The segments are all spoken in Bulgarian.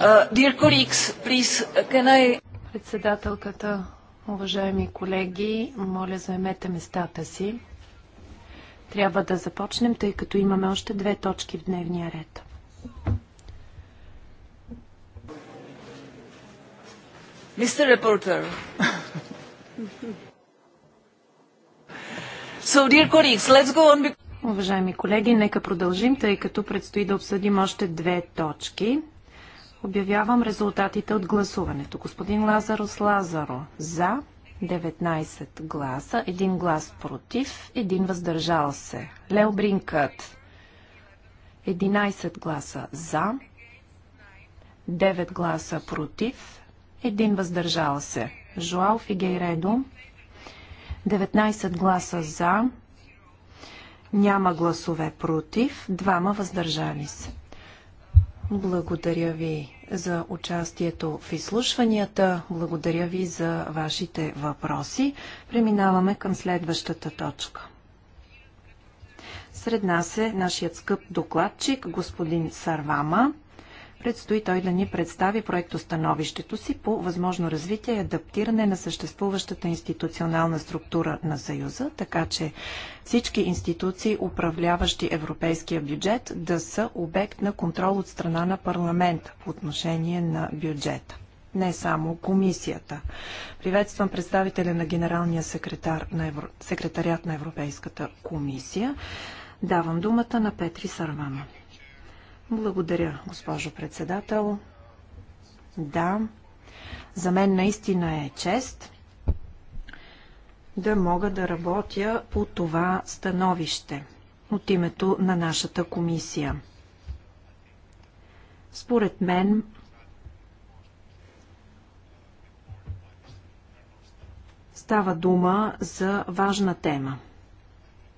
Uh, uh, Председателката, уважаеми колеги, моля заемете местата си. Трябва да започнем, тъй като имаме още две точки в дневния ред. Мистер репортер. So, dear colleagues, let's go on. Уважаеми колеги, нека продължим, тъй като предстои да обсъдим още две точки. Обявявам резултатите от гласуването. Господин Лазарос Лазаро за 19 гласа, 1 глас против, 1 въздържал се. Лео Бринкът 11 гласа за, 9 гласа против, 1 въздържал се. Жоал Фигейредо 19 гласа за, няма гласове против, двама въздържали се. Благодаря ви за участието в изслушванията. Благодаря ви за вашите въпроси. Преминаваме към следващата точка. Сред нас е нашият скъп докладчик, господин Сарвама. Предстои той да ни представи проектостановището си по възможно развитие и адаптиране на съществуващата институционална структура на Съюза, така че всички институции, управляващи европейския бюджет, да са обект на контрол от страна на парламента по отношение на бюджета не само комисията. Приветствам представителя на генералния секретар на Евро... секретарят на Европейската комисия. Давам думата на Петри Сарвана. Благодаря, госпожо председател. Да, за мен наистина е чест да мога да работя по това становище от името на нашата комисия. Според мен става дума за важна тема –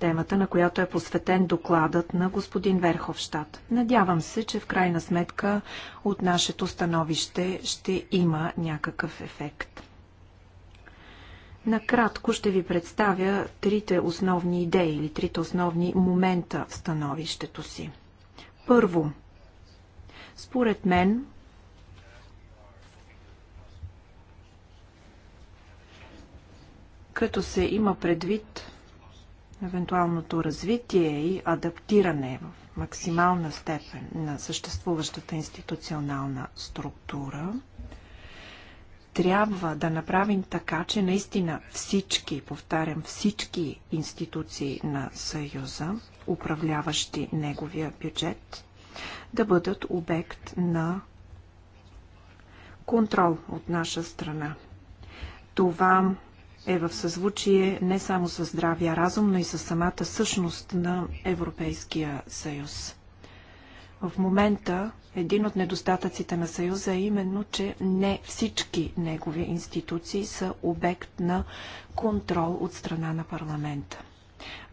темата, на която е посветен докладът на господин Верховщад. Надявам се, че в крайна сметка от нашето становище ще има някакъв ефект. Накратко ще ви представя трите основни идеи или трите основни момента в становището си. Първо, според мен, като се има предвид евентуалното развитие и адаптиране в максимална степен на съществуващата институционална структура, трябва да направим така, че наистина всички, повтарям, всички институции на Съюза, управляващи неговия бюджет, да бъдат обект на контрол от наша страна. Това е в съзвучие не само с здравия разум, но и с самата същност на Европейския съюз. В момента един от недостатъците на Съюза е именно, че не всички негови институции са обект на контрол от страна на парламента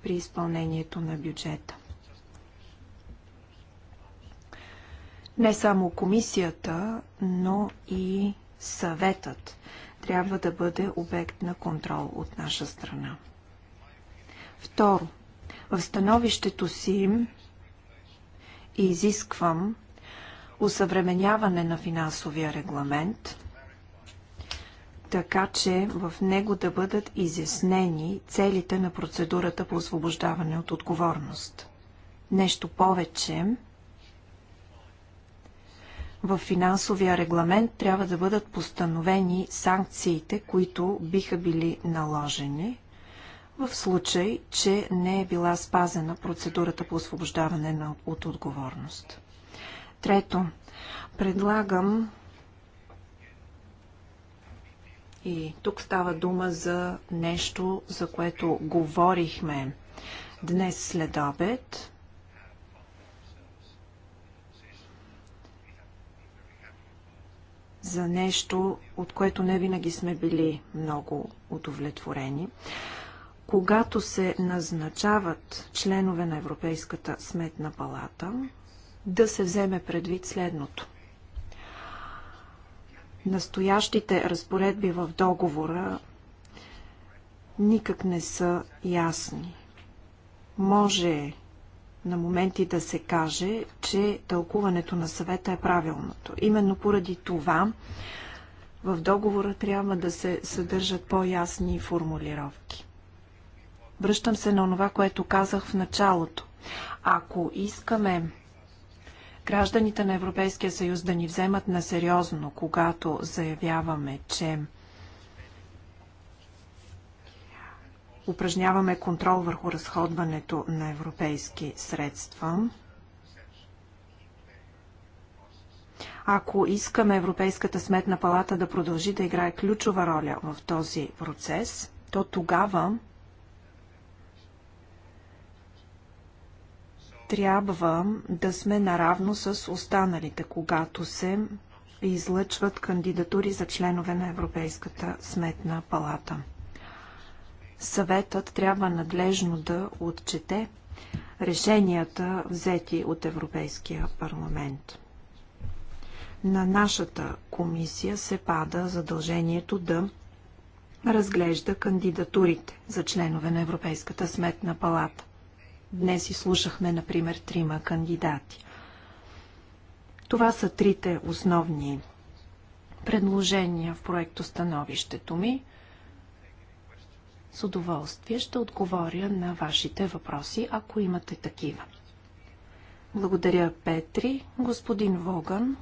при изпълнението на бюджета. Не само комисията, но и съветът трябва да бъде обект на контрол от наша страна. Второ, в становището си изисквам усъвременяване на финансовия регламент, така че в него да бъдат изяснени целите на процедурата по освобождаване от отговорност. Нещо повече, в финансовия регламент трябва да бъдат постановени санкциите, които биха били наложени в случай, че не е била спазена процедурата по освобождаване на, от отговорност. Трето, предлагам и тук става дума за нещо, за което говорихме днес след обед. за нещо, от което не винаги сме били много удовлетворени. Когато се назначават членове на Европейската сметна палата, да се вземе предвид следното. Настоящите разпоредби в договора никак не са ясни. Може на моменти да се каже, че тълкуването на съвета е правилното. Именно поради това в договора трябва да се съдържат по-ясни формулировки. Връщам се на това, което казах в началото. Ако искаме гражданите на Европейския съюз да ни вземат на сериозно, когато заявяваме, че упражняваме контрол върху разходването на европейски средства. Ако искаме Европейската сметна палата да продължи да играе ключова роля в този процес, то тогава трябва да сме наравно с останалите, когато се излъчват кандидатури за членове на Европейската сметна палата съветът трябва надлежно да отчете решенията, взети от Европейския парламент. На нашата комисия се пада задължението да разглежда кандидатурите за членове на Европейската сметна палата. Днес изслушахме, например, трима кандидати. Това са трите основни предложения в проекто становището ми. С удоволствие ще отговоря на вашите въпроси, ако имате такива. Благодаря, Петри. Господин Воган,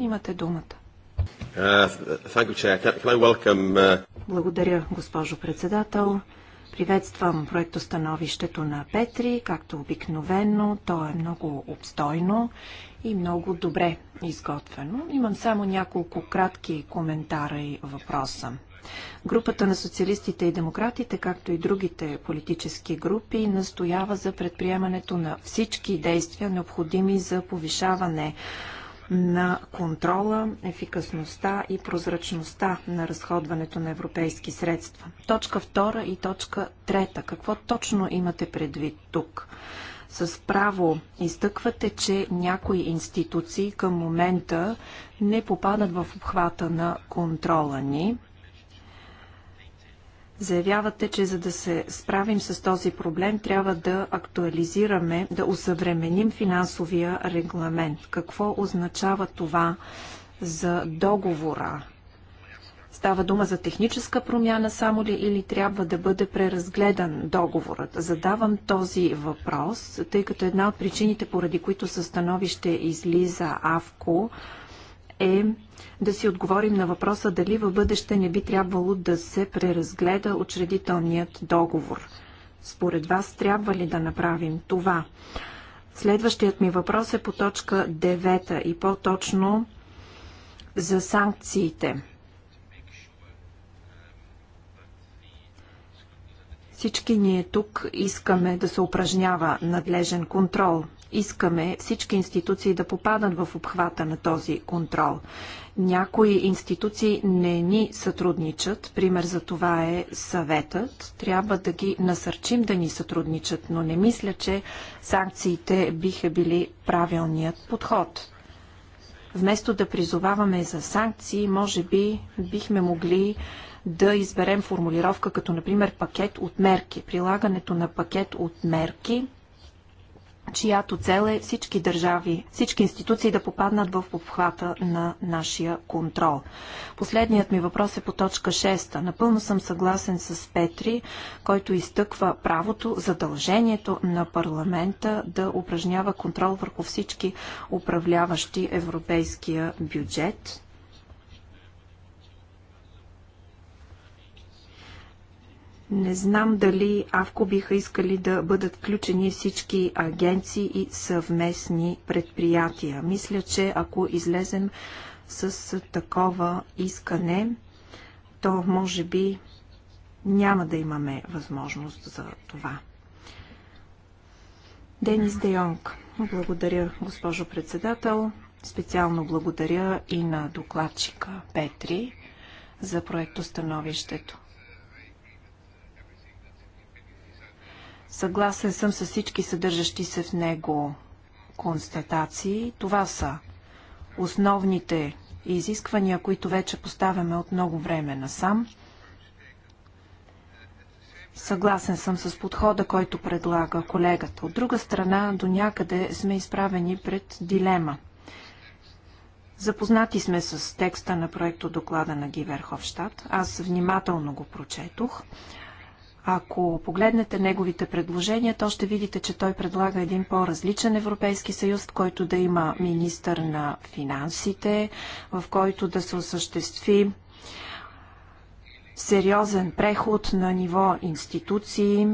имате думата. Uh, uh, Благодаря, госпожо председател. Приветствам проектостановището на Петри. Както обикновено, то е много обстойно и много добре изготвено. Имам само няколко кратки коментара и въпроса. Групата на социалистите и демократите, както и другите политически групи, настоява за предприемането на всички действия, необходими за повишаване на контрола, ефикасността и прозрачността на разходването на европейски средства. Точка 2 и точка 3. Какво точно имате предвид тук? С право изтъквате, че някои институции към момента не попадат в обхвата на контрола ни. Заявявате, че за да се справим с този проблем, трябва да актуализираме, да усъвременим финансовия регламент. Какво означава това за договора? Става дума за техническа промяна само ли или трябва да бъде преразгледан договорът? Задавам този въпрос, тъй като една от причините, поради които със становище излиза АВКО, е да си отговорим на въпроса дали в бъдеще не би трябвало да се преразгледа учредителният договор. Според вас трябва ли да направим това? Следващият ми въпрос е по точка 9 и по-точно за санкциите. Всички ние тук искаме да се упражнява надлежен контрол. Искаме всички институции да попадат в обхвата на този контрол. Някои институции не ни сътрудничат. Пример за това е съветът. Трябва да ги насърчим да ни сътрудничат, но не мисля, че санкциите биха били правилният подход. Вместо да призоваваме за санкции, може би бихме могли да изберем формулировка като, например, пакет от мерки. Прилагането на пакет от мерки чиято цел е всички държави, всички институции да попаднат в обхвата на нашия контрол. Последният ми въпрос е по точка 6. Напълно съм съгласен с Петри, който изтъква правото, задължението на парламента да упражнява контрол върху всички управляващи европейския бюджет. Не знам дали Авко биха искали да бъдат включени всички агенции и съвместни предприятия. Мисля, че ако излезем с такова искане, то може би няма да имаме възможност за това. Денис Дейонг, Благодаря, госпожо председател. Специално благодаря и на докладчика Петри за становището. Съгласен съм с всички съдържащи се в него констатации. Това са основните изисквания, които вече поставяме от много време насам. Съгласен съм с подхода, който предлага колегата. От друга страна, до някъде сме изправени пред дилема. Запознати сме с текста на проекто доклада на Гиверховщад. Аз внимателно го прочетох. Ако погледнете неговите предложения, то ще видите, че той предлага един по-различен Европейски съюз, в който да има министър на финансите, в който да се осъществи сериозен преход на ниво институции.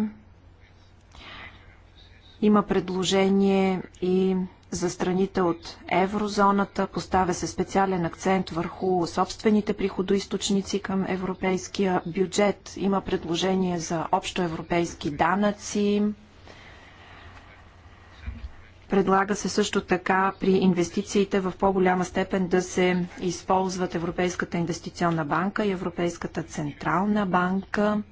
Има предложение и за страните от еврозоната, поставя се специален акцент върху собствените приходоисточници към европейския бюджет. Има предложение за общоевропейски данъци. Предлага се също така при инвестициите в по-голяма степен да се използват Европейската инвестиционна банка и Европейската централна банка.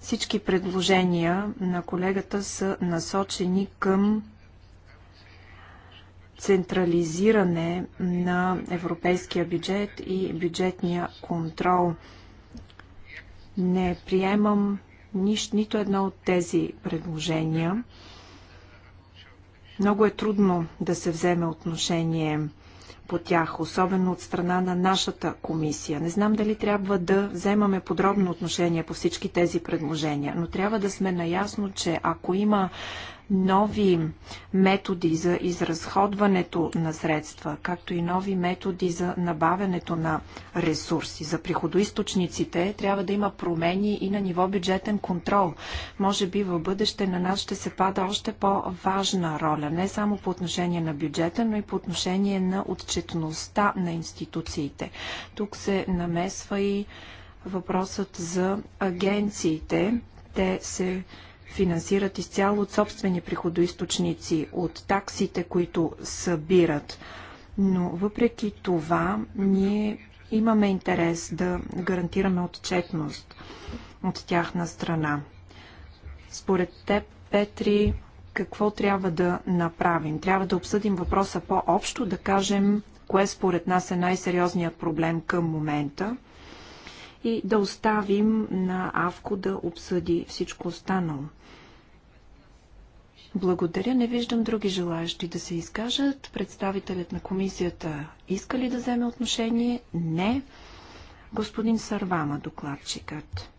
Всички предложения на колегата са насочени към централизиране на европейския бюджет и бюджетния контрол. Не приемам нищ, нито едно от тези предложения. Много е трудно да се вземе отношение по тях, особено от страна на нашата комисия. Не знам дали трябва да вземаме подробно отношение по всички тези предложения, но трябва да сме наясно, че ако има нови методи за изразходването на средства, както и нови методи за набавянето на ресурси. За приходоисточниците трябва да има промени и на ниво бюджетен контрол. Може би в бъдеще на нас ще се пада още по-важна роля, не само по отношение на бюджета, но и по отношение на отчетността на институциите. Тук се намесва и въпросът за агенциите. Те се финансират изцяло от собствени приходоисточници, от таксите, които събират. Но въпреки това, ние имаме интерес да гарантираме отчетност от тяхна страна. Според теб, Петри, какво трябва да направим? Трябва да обсъдим въпроса по-общо, да кажем кое според нас е най-сериозният проблем към момента, и да оставим на Авко да обсъди всичко останало. Благодаря. Не виждам други желаящи да се изкажат. Представителят на комисията иска ли да вземе отношение? Не. Господин Сарвама, докладчикът.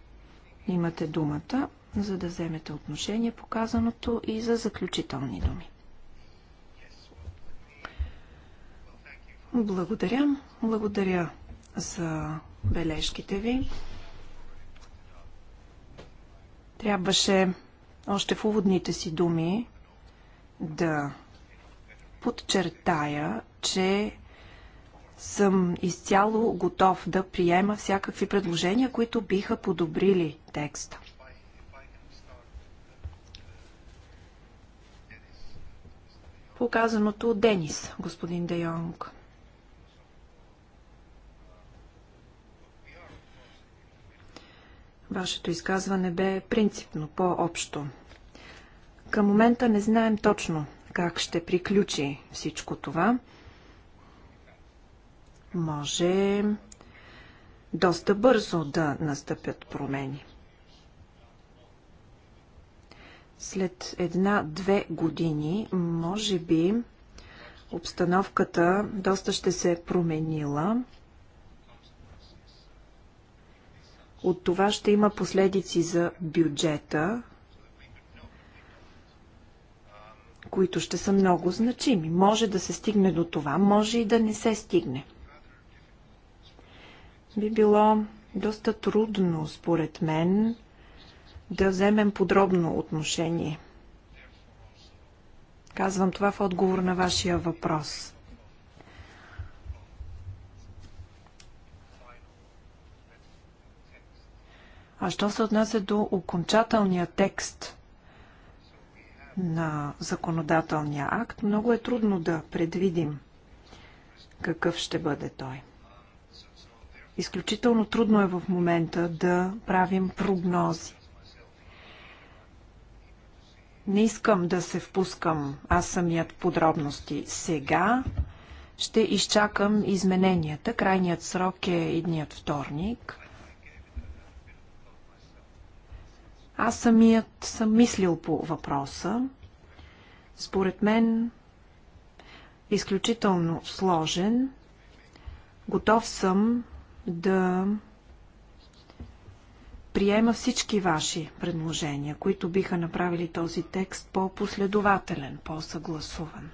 Имате думата, за да вземете отношение по казаното и за заключителни думи. Благодаря. Благодаря за бележките ви. Трябваше още в уводните си думи да подчертая, че съм изцяло готов да приема всякакви предложения, които биха подобрили текста. Показаното от Денис, господин Де Йонг. Вашето изказване бе принципно, по-общо. Към момента не знаем точно как ще приключи всичко това. Може доста бързо да настъпят промени. След една-две години, може би, обстановката доста ще се е променила. От това ще има последици за бюджета, които ще са много значими. Може да се стигне до това, може и да не се стигне. Би било доста трудно, според мен, да вземем подробно отношение. Казвам това в отговор на вашия въпрос. А що се отнася до окончателния текст на законодателния акт, много е трудно да предвидим какъв ще бъде той. Изключително трудно е в момента да правим прогнози. Не искам да се впускам аз самият подробности сега. Ще изчакам измененията. Крайният срок е идният вторник. Аз самият съм мислил по въпроса. Според мен изключително сложен. Готов съм да приема всички ваши предложения, които биха направили този текст по-последователен, по-съгласуван.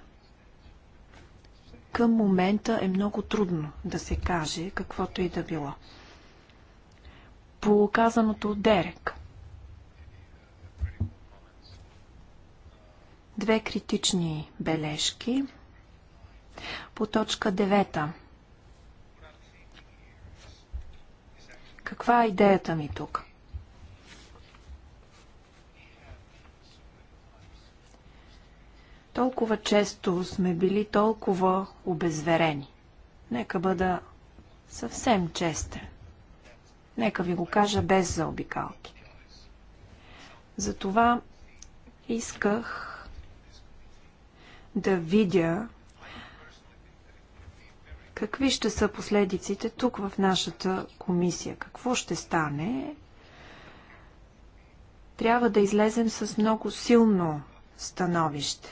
Към момента е много трудно да се каже каквото и да било. По казаното от Дерек – Две критични бележки. По точка 9. Каква е идеята ми тук? Толкова често сме били толкова обезверени. Нека бъда съвсем честен. Нека ви го кажа без заобикалки. Затова исках да видя какви ще са последиците тук в нашата комисия. Какво ще стане? Трябва да излезем с много силно становище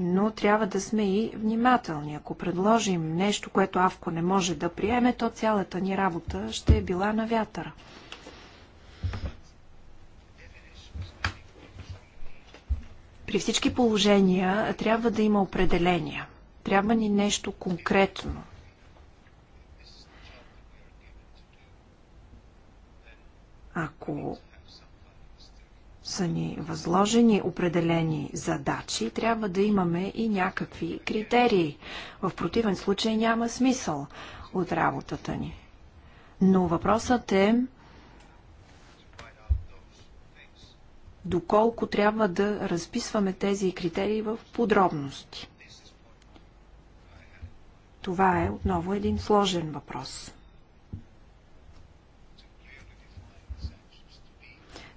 но трябва да сме и внимателни. Ако предложим нещо, което Авко не може да приеме, то цялата ни работа ще е била на вятъра. При всички положения трябва да има определения. Трябва ни нещо конкретно. Ако са ни възложени определени задачи, трябва да имаме и някакви критерии. В противен случай няма смисъл от работата ни. Но въпросът е доколко трябва да разписваме тези критерии в подробности. Това е отново един сложен въпрос.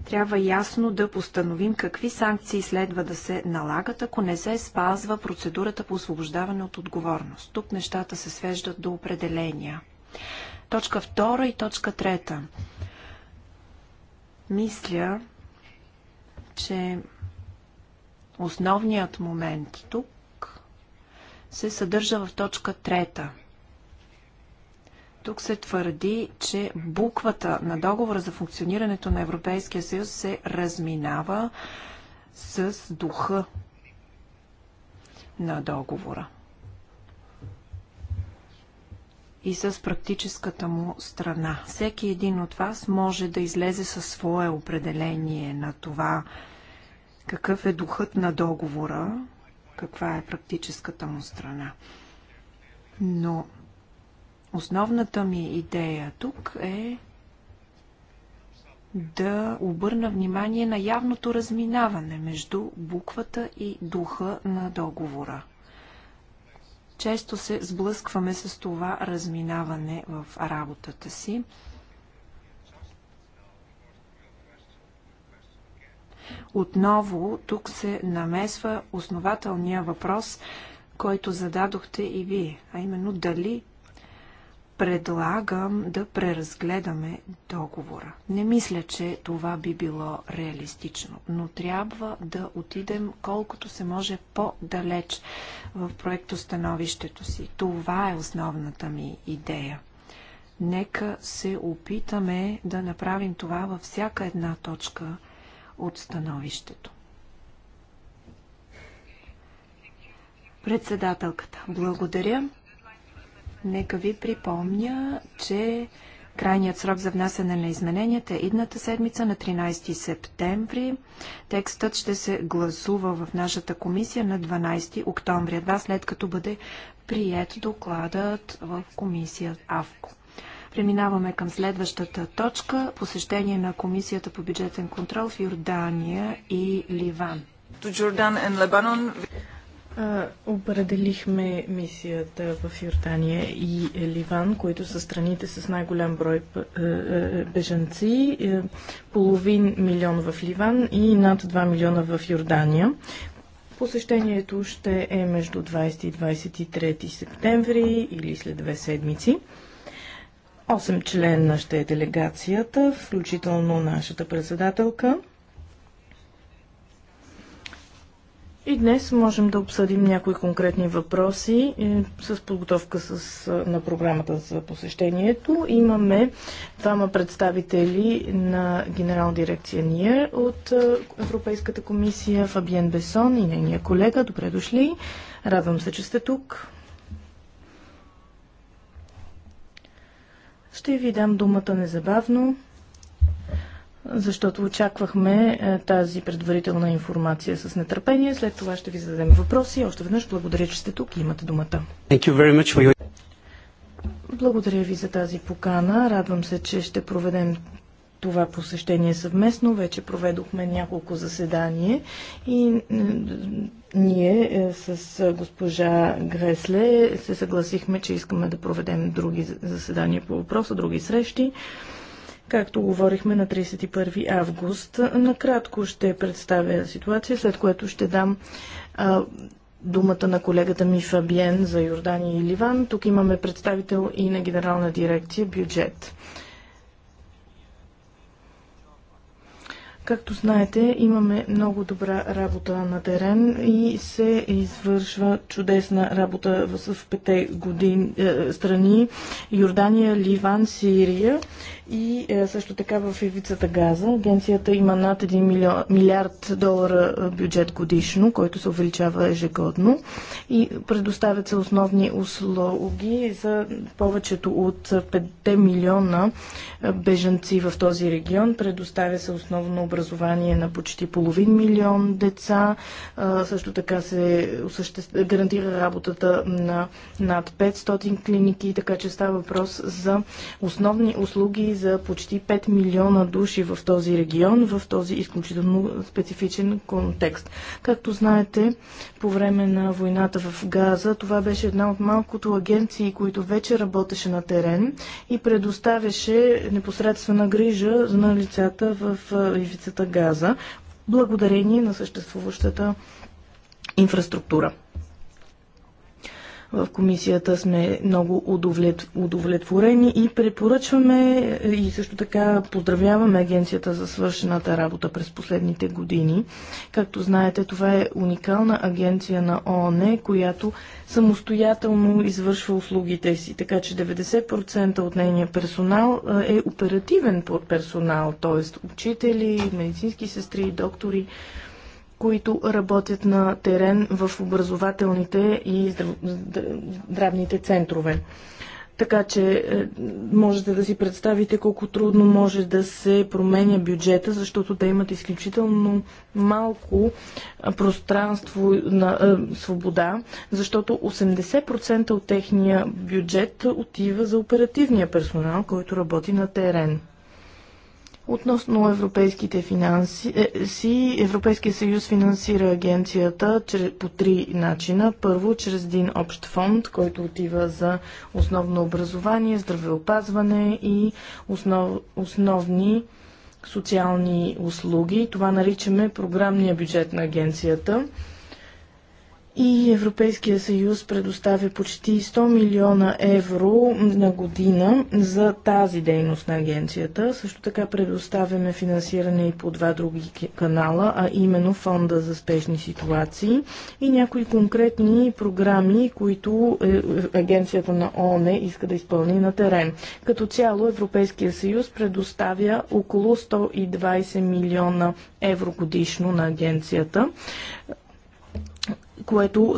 Трябва ясно да постановим какви санкции следва да се налагат, ако не се спазва процедурата по освобождаване от отговорност. Тук нещата се свеждат до определения. Точка 2 и точка 3. Мисля, че основният момент тук се съдържа в точка трета. Тук се твърди, че буквата на договора за функционирането на Европейския съюз се разминава с духа на договора и с практическата му страна. Всеки един от вас може да излезе със свое определение на това, какъв е духът на договора? Каква е практическата му страна? Но основната ми идея тук е да обърна внимание на явното разминаване между буквата и духа на договора. Често се сблъскваме с това разминаване в работата си. Отново тук се намесва основателния въпрос, който зададохте и вие, а именно дали предлагам да преразгледаме договора. Не мисля, че това би било реалистично, но трябва да отидем колкото се може по-далеч в становището си. Това е основната ми идея. Нека се опитаме да направим това във всяка една точка – от становището. Председателката, благодаря. Нека ви припомня, че крайният срок за внасяне на измененията е идната седмица на 13 септември. Текстът ще се гласува в нашата комисия на 12 октомври, едва след като бъде прият докладът в комисия АВКО. Преминаваме към следващата точка посещение на Комисията по бюджетен контрол в Йордания и Ливан. Определихме мисията в Йордания и Ливан, които са страните с най-голям брой бежанци. Половин милион в Ливан и над 2 милиона в Йордания. Посещението ще е между 20 и 23 септември или след две седмици. 8 членна ще е делегацията, включително нашата председателка. И днес можем да обсъдим някои конкретни въпроси е, с подготовка с, е, на програмата за посещението. Имаме двама представители на генерал дирекция НИЕР от е, Европейската комисия Фабиен Бесон и нейния колега. Добре дошли. Радвам се, че сте тук. Ще ви дам думата незабавно, защото очаквахме е, тази предварителна информация с нетърпение. След това ще ви зададем въпроси. Още веднъж благодаря, че сте тук и имате думата. Your... Благодаря ви за тази покана. Радвам се, че ще проведем това посещение съвместно. Вече проведохме няколко заседания, и ние е, с е, госпожа Гресле се съгласихме, че искаме да проведем други заседания по въпроса, други срещи. Както говорихме на 31 август, е, накратко ще представя ситуация, след което ще дам а, думата на колегата ми Фабиен за Йордания и Ливан. Тук имаме представител и на Генерална дирекция бюджет. Както знаете, имаме много добра работа на терен и се извършва чудесна работа в пете години, е, страни Йордания, Ливан, Сирия и е, също така в ивицата Газа. Агенцията има над 1 милиард долара е, бюджет годишно, който се увеличава ежегодно и предоставят се основни услуги за повечето от 5 милиона е, бежанци в този регион. Предоставя се основно образование на почти половин милион деца. Също така се гарантира работата на над 500 клиники, така че става въпрос за основни услуги за почти 5 милиона души в този регион, в този изключително специфичен контекст. Както знаете, по време на войната в Газа, това беше една от малкото агенции, които вече работеше на терен и предоставяше непосредствена грижа на лицата в ивицата Газа, благодарение на съществуващата инфраструктура. В комисията сме много удовлетворени и препоръчваме и също така поздравяваме агенцията за свършената работа през последните години. Както знаете, това е уникална агенция на ООН, която самостоятелно извършва услугите си, така че 90% от нейния персонал е оперативен персонал, т.е. учители, медицински сестри, доктори които работят на терен в образователните и здравните центрове. Така че е, можете да си представите колко трудно може да се променя бюджета, защото те имат изключително малко пространство на е, свобода, защото 80% от техния бюджет отива за оперативния персонал, който работи на терен. Относно европейските финанси, е, Европейския съюз финансира агенцията по три начина. Първо, чрез един общ фонд, който отива за основно образование, здравеопазване и основ, основни социални услуги. Това наричаме програмния бюджет на агенцията и Европейския съюз предоставя почти 100 милиона евро на година за тази дейност на агенцията. Също така предоставяме финансиране и по два други канала, а именно Фонда за спешни ситуации и някои конкретни програми, които е, агенцията на ООН иска да изпълни на терен. Като цяло Европейския съюз предоставя около 120 милиона евро годишно на агенцията което,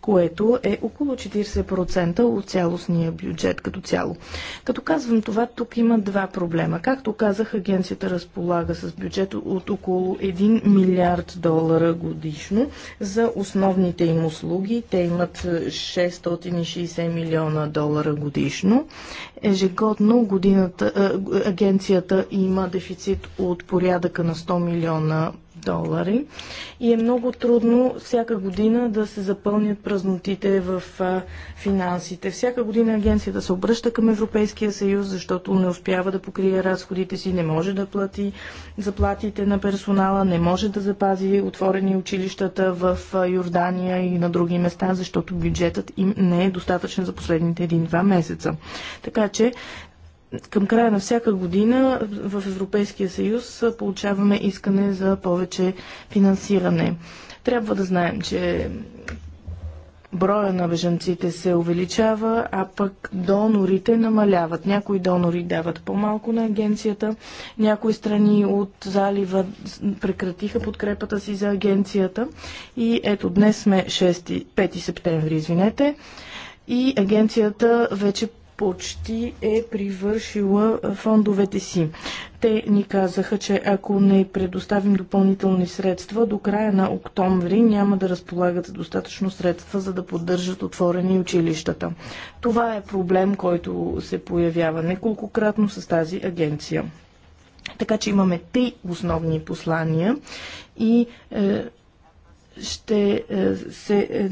което е около 40% от цялостния бюджет като цяло. Като казвам това, тук има два проблема. Както казах, агенцията разполага с бюджет от около 1 милиард долара годишно за основните им услуги. Те имат 660 е, милиона долара годишно. Ежегодно годината, е, агенцията има дефицит от порядъка на 100 милиона долари и е много трудно всяка година да се запълнят празнотите в финансите. Всяка година агенцията се обръща към Европейския съюз, защото не успява да покрие разходите си, не може да плати заплатите на персонала, не може да запази отворени училищата в Йордания и на други места, защото бюджетът им не е достатъчен за последните един-два месеца. Така че към края на всяка година в Европейския съюз получаваме искане за повече финансиране. Трябва да знаем, че броя на бежанците се увеличава, а пък донорите намаляват. Някои донори дават по-малко на агенцията, някои страни от залива прекратиха подкрепата си за агенцията. И ето днес сме 6, 5 септември, извинете, и агенцията вече почти е привършила фондовете си. Те ни казаха, че ако не предоставим допълнителни средства, до края на октомври няма да разполагат достатъчно средства, за да поддържат отворени училищата. Това е проблем, който се появява неколкократно с тази агенция. Така че имаме три основни послания и е, ще е, се, е,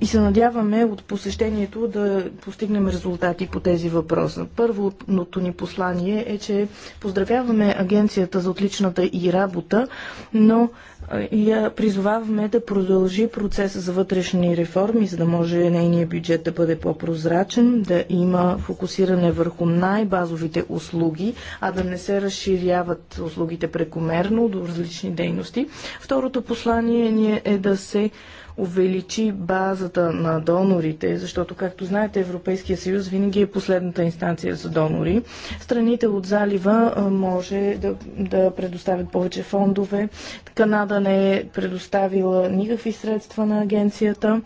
и се надяваме от посещението да постигнем резултати по тези въпроса. Първото ни послание е, че поздравяваме агенцията за отличната и работа, но е, я призоваваме да продължи процеса за вътрешни реформи, за да може нейният бюджет да бъде по-прозрачен, да има фокусиране върху най-базовите услуги, а да не се разширяват услугите прекомерно до различни дейности. Второто послание ни е е да се увеличи базата на донорите, защото, както знаете, Европейския съюз винаги е последната инстанция за донори. Страните от залива може да, да предоставят повече фондове. Канада не е предоставила никакви средства на агенцията.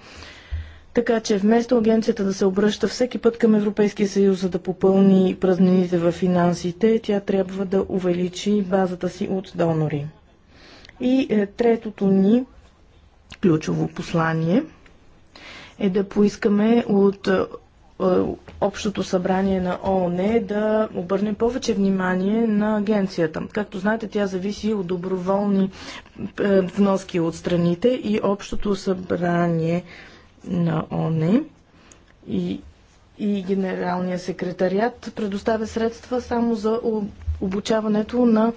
Така че вместо агенцията да се обръща всеки път към Европейския съюз, за да попълни празнините в финансите, тя трябва да увеличи базата си от донори. И е, третото ни ключово послание е да поискаме от е, Общото събрание на ООН да обърне повече внимание на агенцията. Както знаете, тя зависи от доброволни е, вноски от страните и Общото събрание на ООН и, и Генералния секретариат предоставя средства само за обучаването на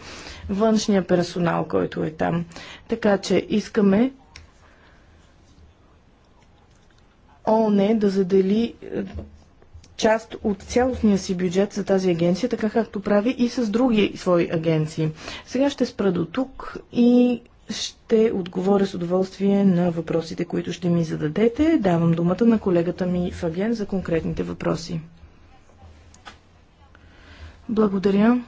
външния персонал, който е там. Така че искаме ООН е да задели е, част от цялостния си бюджет за тази агенция, така както прави и с други свои агенции. Сега ще спра до тук и ще отговоря с удоволствие на въпросите, които ще ми зададете. Давам думата на колегата ми Фаген за конкретните въпроси. Благодаря.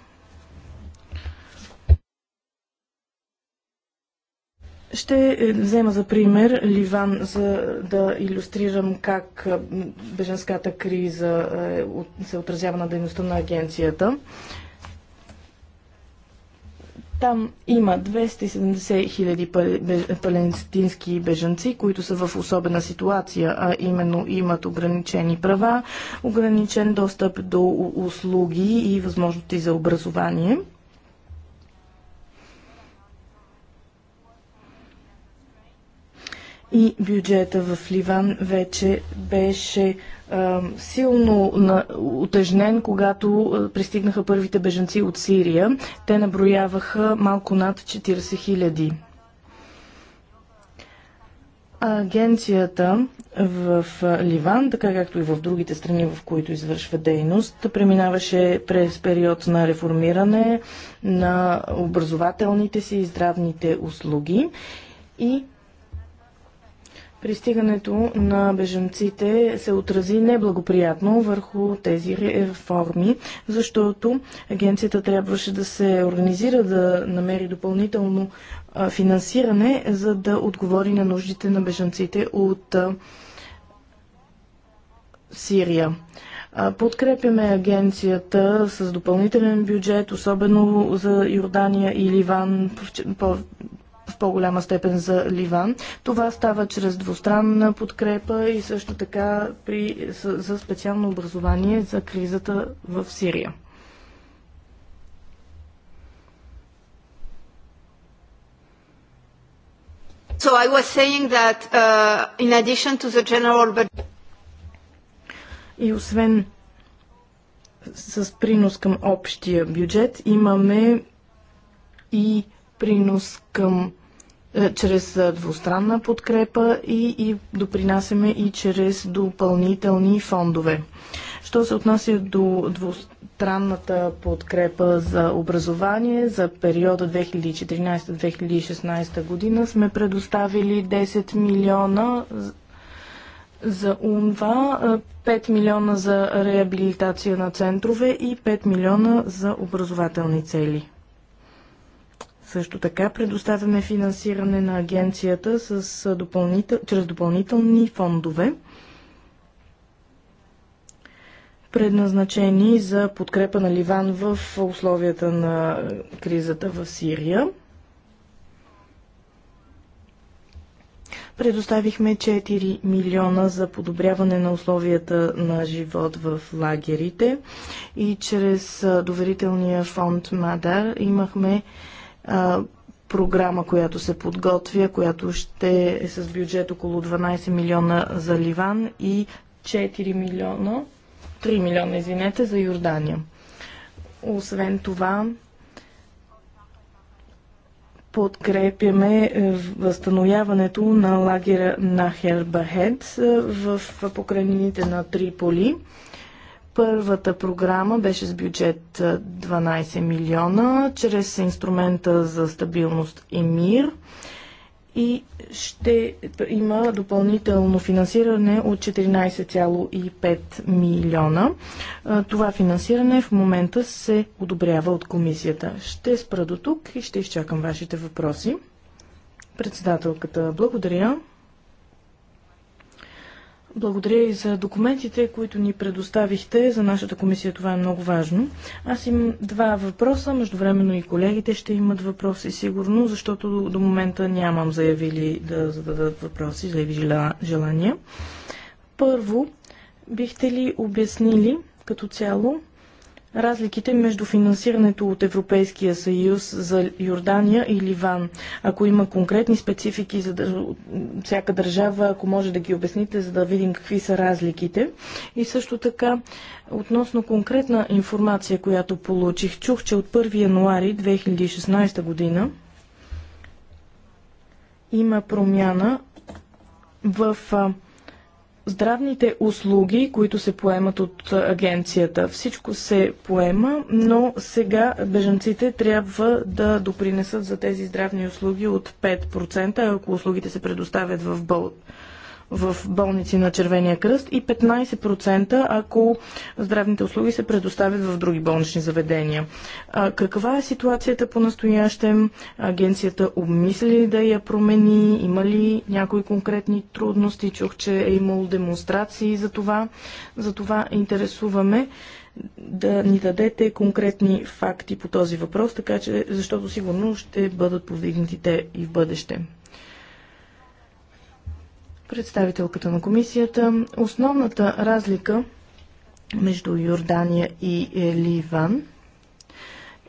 Ще е, взема за пример Ливан, за да иллюстрирам как е, беженската криза е, се отразява на дейността на агенцията. Там има 270 хиляди палестински беженци, които са в особена ситуация, а именно имат ограничени права, ограничен достъп до услуги и възможности за образование – и бюджета в Ливан вече беше а, силно на, утежнен, когато а, пристигнаха първите бежанци от Сирия. Те наброяваха малко над 40 хиляди. Агенцията в Ливан, така както и в другите страни, в които извършва дейност, преминаваше през период на реформиране на образователните си и здравните услуги и Пристигането на бежанците се отрази неблагоприятно върху тези реформи, защото агенцията трябваше да се организира, да намери допълнително финансиране, за да отговори на нуждите на бежанците от Сирия. Подкрепяме агенцията с допълнителен бюджет, особено за Йордания и Ливан, в по-голяма степен за Ливан. Това става чрез двустранна подкрепа и също така при, за специално образование за кризата в Сирия. So I was saying that uh, in addition to the general и освен с принос към общия бюджет, имаме и принос към е, чрез е, двустранна подкрепа и, и допринасяме и чрез допълнителни фондове. Що се отнася до двустранната подкрепа за образование за периода 2014-2016 година сме предоставили 10 милиона за УНВА, 5 е, милиона за реабилитация на центрове и 5 милиона за образователни цели. Също така предоставяме финансиране на агенцията с допълнител... чрез допълнителни фондове, предназначени за подкрепа на Ливан в условията на кризата в Сирия. Предоставихме 4 милиона за подобряване на условията на живот в лагерите и чрез доверителния фонд Мадар имахме а, програма, която се подготвя, която ще е с бюджет около 12 милиона за Ливан и 4 милиона, 3 милиона, извинете, за Йордания. Освен това, подкрепяме е, възстановяването на лагера на Хербахед е, в покрайнините на Триполи. Първата програма беше с бюджет 12 милиона, чрез инструмента за стабилност и мир и ще има допълнително финансиране от 14,5 милиона. Това финансиране в момента се одобрява от комисията. Ще спра до тук и ще изчакам вашите въпроси. Председателката, благодаря. Благодаря и за документите, които ни предоставихте. За нашата комисия това е много важно. Аз имам два въпроса. Междувременно и колегите ще имат въпроси сигурно, защото до момента нямам заявили да зададат въпроси, заяви желания. Първо, бихте ли обяснили като цяло разликите между финансирането от Европейския съюз за Йордания и Ливан. Ако има конкретни специфики за дър... всяка държава, ако може да ги обясните, за да видим какви са разликите. И също така, относно конкретна информация, която получих, чух, че от 1 януари 2016 година има промяна в здравните услуги, които се поемат от агенцията. Всичко се поема, но сега бежанците трябва да допринесат за тези здравни услуги от 5%, ако услугите се предоставят в българ в болници на Червения кръст и 15% ако здравните услуги се предоставят в други болнични заведения. А, каква е ситуацията по настоящем? Агенцията обмисли ли да я промени? Има ли някои конкретни трудности? Чух, че е имало демонстрации за това. За това интересуваме да ни дадете конкретни факти по този въпрос, така че, защото сигурно ще бъдат повдигнати те и в бъдеще представителката на комисията. Основната разлика между Йордания и е, Ливан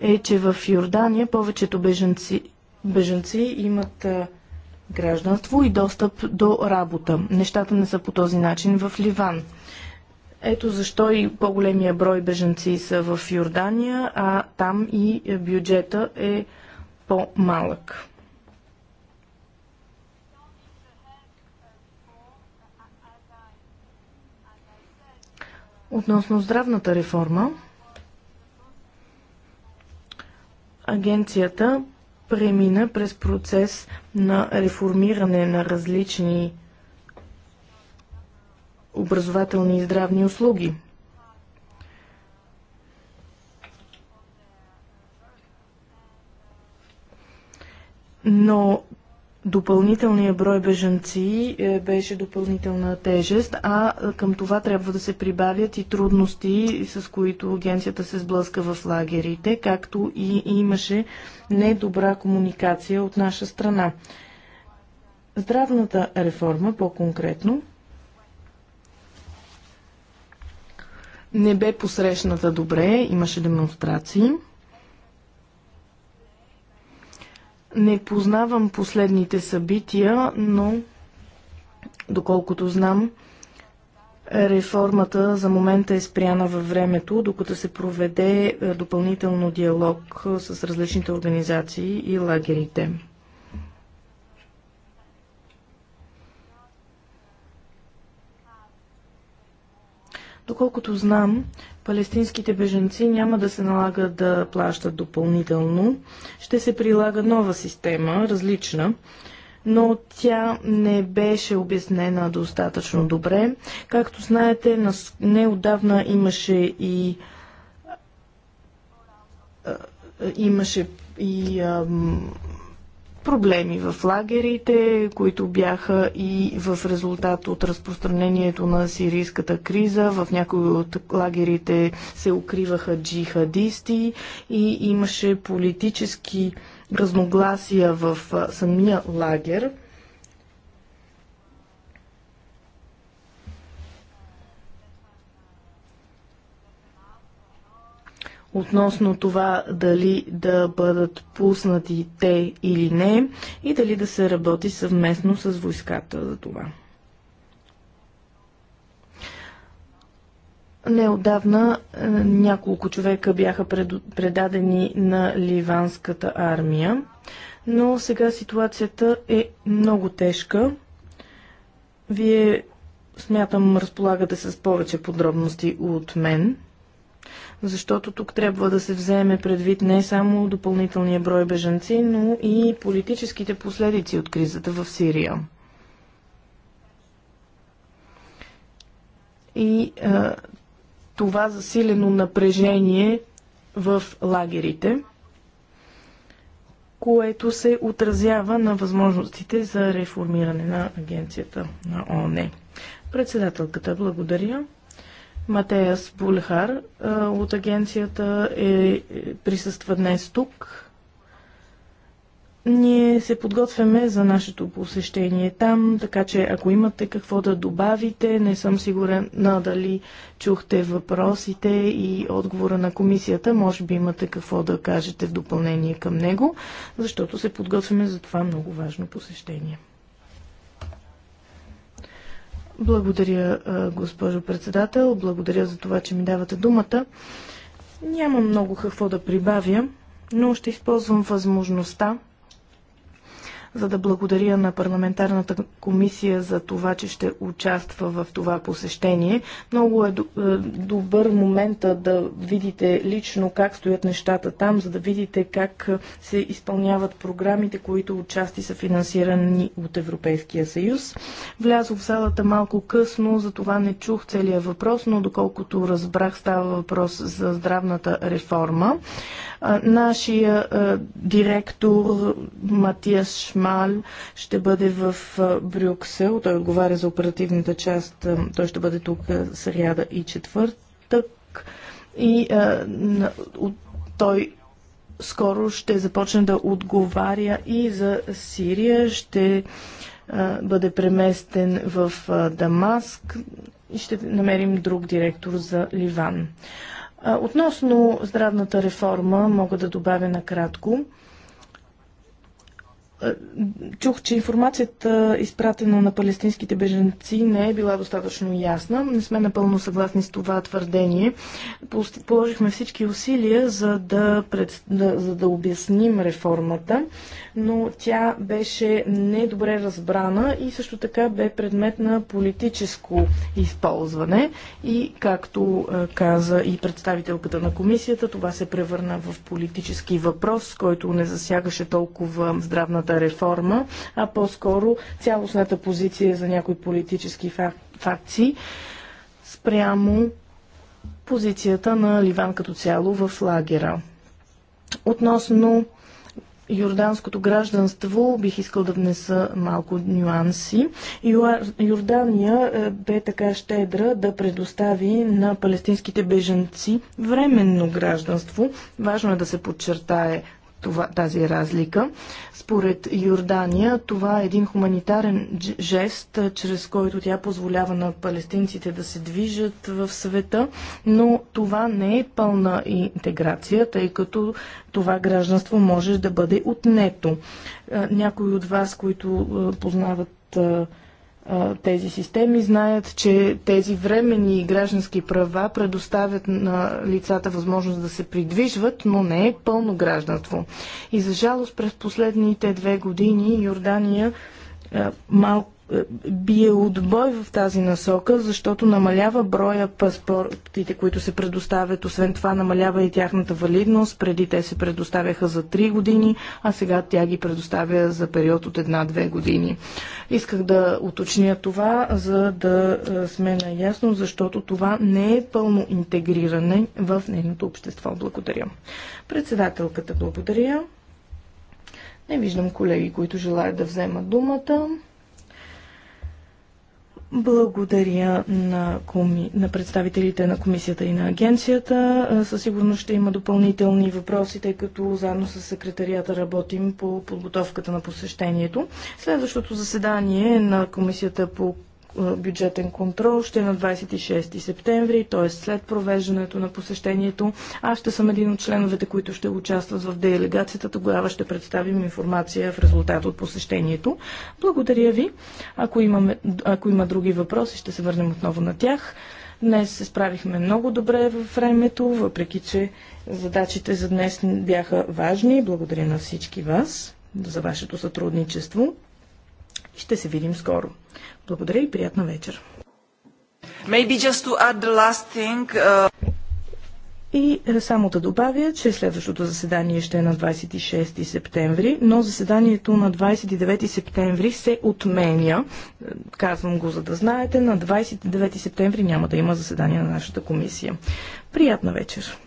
е, че в Йордания повечето беженци, беженци имат е, гражданство и достъп до работа. Нещата не са по този начин в Ливан. Ето защо и по-големия брой беженци са в Йордания, а там и бюджета е по-малък. Относно здравната реформа, агенцията премина през процес на реформиране на различни образователни и здравни услуги. Но Допълнителният брой бежанци е, беше допълнителна тежест, а е, към това трябва да се прибавят и трудности, с които агенцията се сблъска в лагерите, както и имаше недобра комуникация от наша страна. Здравната реформа, по-конкретно, не бе посрещната добре, имаше демонстрации – Не познавам последните събития, но доколкото знам, реформата за момента е спряна във времето, докато се проведе е, допълнително диалог е, с различните организации и лагерите. Доколкото знам, палестинските беженци няма да се налага да плащат допълнително. Ще се прилага нова система, различна, но тя не беше обяснена достатъчно добре. Както знаете, неодавна имаше и имаше и ам, проблеми в лагерите, които бяха и в резултат от разпространението на сирийската криза. В някои от лагерите се укриваха джихадисти и имаше политически разногласия в самия лагер – относно това дали да бъдат пуснати те или не и дали да се работи съвместно с войската за това. Неодавна е, няколко човека бяха предадени на ливанската армия, но сега ситуацията е много тежка. Вие, смятам, разполагате с повече подробности от мен защото тук трябва да се вземе предвид не само допълнителния брой бежанци, но и политическите последици от кризата в Сирия. И а, това засилено напрежение в лагерите, което се отразява на възможностите за реформиране на агенцията на ОНЕ. Председателката, благодаря. Матеяс Булхар от агенцията е, е, присъства днес тук. Ние се подготвяме за нашето посещение там, така че ако имате какво да добавите, не съм сигурен на дали чухте въпросите и отговора на комисията, може би имате какво да кажете в допълнение към него, защото се подготвяме за това много важно посещение. Благодаря, госпожо председател. Благодаря за това, че ми давате думата. Няма много какво да прибавя, но ще използвам възможността за да благодаря на парламентарната комисия за това, че ще участва в това посещение. Много е, е добър момент да видите лично как стоят нещата там, за да видите как се изпълняват програмите, които отчасти са финансирани от Европейския съюз. Влязох в залата малко късно, За това не чух целия въпрос, но доколкото разбрах, става въпрос за здравната реформа. Нашия е, директор Матиас Шмар Мал ще бъде в Брюксел. Той отговаря за оперативната част. Той ще бъде тук сряда и четвъртък. И а, той скоро ще започне да отговаря и за Сирия. Ще а, бъде преместен в а, Дамаск и ще намерим друг директор за Ливан. Относно здравната реформа мога да добавя накратко, е, чух, че информацията, изпратена на палестинските беженци, не е била достатъчно ясна. Не сме напълно съгласни с това твърдение. Положихме всички усилия, за да, пред... да, за да обясним реформата, но тя беше недобре разбрана и също така бе предмет на политическо използване. И, както е, каза и представителката на комисията, това се превърна в политически въпрос, който не засягаше толкова здравната съдебната реформа, а по-скоро цялостната позиция за някои политически факции спрямо позицията на Ливан като цяло в лагера. Относно йорданското гражданство бих искал да внеса малко нюанси. Йордания е, бе така щедра да предостави на палестинските беженци временно гражданство. Важно е да се подчертае това, тази разлика. Според Йордания това е един хуманитарен жест, чрез който тя позволява на палестинците да се движат в света, но това не е пълна интеграция, тъй като това гражданство може да бъде отнето. Някои от вас, които познават тези системи, знаят, че тези временни граждански права предоставят на лицата възможност да се придвижват, но не е пълно гражданство. И за жалост през последните две години Йордания малко е, бие отбой в тази насока, защото намалява броя паспортите, които се предоставят. Освен това намалява и тяхната валидност. Преди те се предоставяха за 3 години, а сега тя ги предоставя за период от 1-2 години. Исках да уточня това, за да е, сме наясно, защото това не е пълно интегриране в нейното общество. Благодаря. Председателката благодаря. Не виждам колеги, които желаят да вземат думата. Благодаря на, коми... на представителите на комисията и на агенцията. Със сигурност ще има допълнителни въпроси, тъй като заедно с секретарията работим по подготовката на посещението. Следващото заседание на комисията по е, бюджетен контрол ще е на 26 септември, т.е. след провеждането на посещението. Аз ще съм един от членовете, които ще участват в делегацията. Тогава ще представим информация в резултат от посещението. Благодаря ви. Ако, имаме, ако има други въпроси, ще се върнем отново на тях. Днес се справихме много добре във времето, въпреки че задачите за днес бяха важни. Благодаря на всички вас за вашето сътрудничество. Ще се видим скоро. Благодаря и приятна вечер. Maybe just to add the last thing, uh... И е, само да добавя, че следващото заседание ще е на 26 септември, но заседанието на 29 септември се отменя. Е, казвам го, за да знаете, на 29 септември няма да има заседание на нашата комисия. Приятна вечер!